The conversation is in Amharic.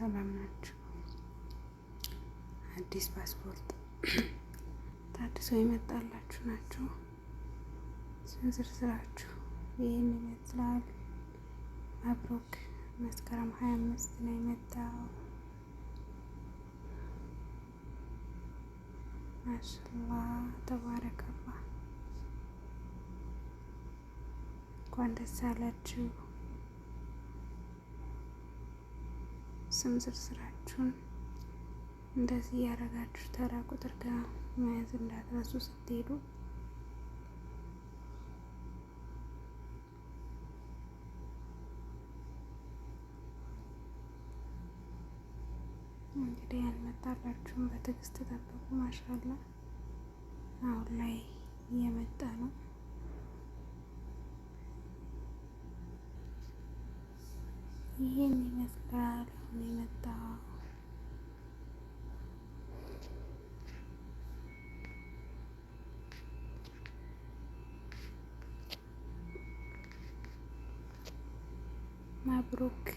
ሰላም ናችሁ? አዲስ ፓስፖርት ታድሶ የመጣላችሁ ናችሁ? ስንዝር ስራችሁ ይህን ይመስላል። መብሩክ። መስከረም ሀያ አምስት ነው የመጣው። ማሻላ ተባረከባ። እንኳን ደስ አላችሁ። ስም ዝርዝራችሁን እንደዚህ ያደረጋችሁ ተራ ቁጥር ጋር መያዝ እንዳትረሱ ስትሄዱ እንግዲህ ያልመጣላችሁም በትዕግስት ጠብቁ። ማሻላ አሁን ላይ እየመጣ ነው። ይህን ይመስላል አሁን የመጣው ማብሩክ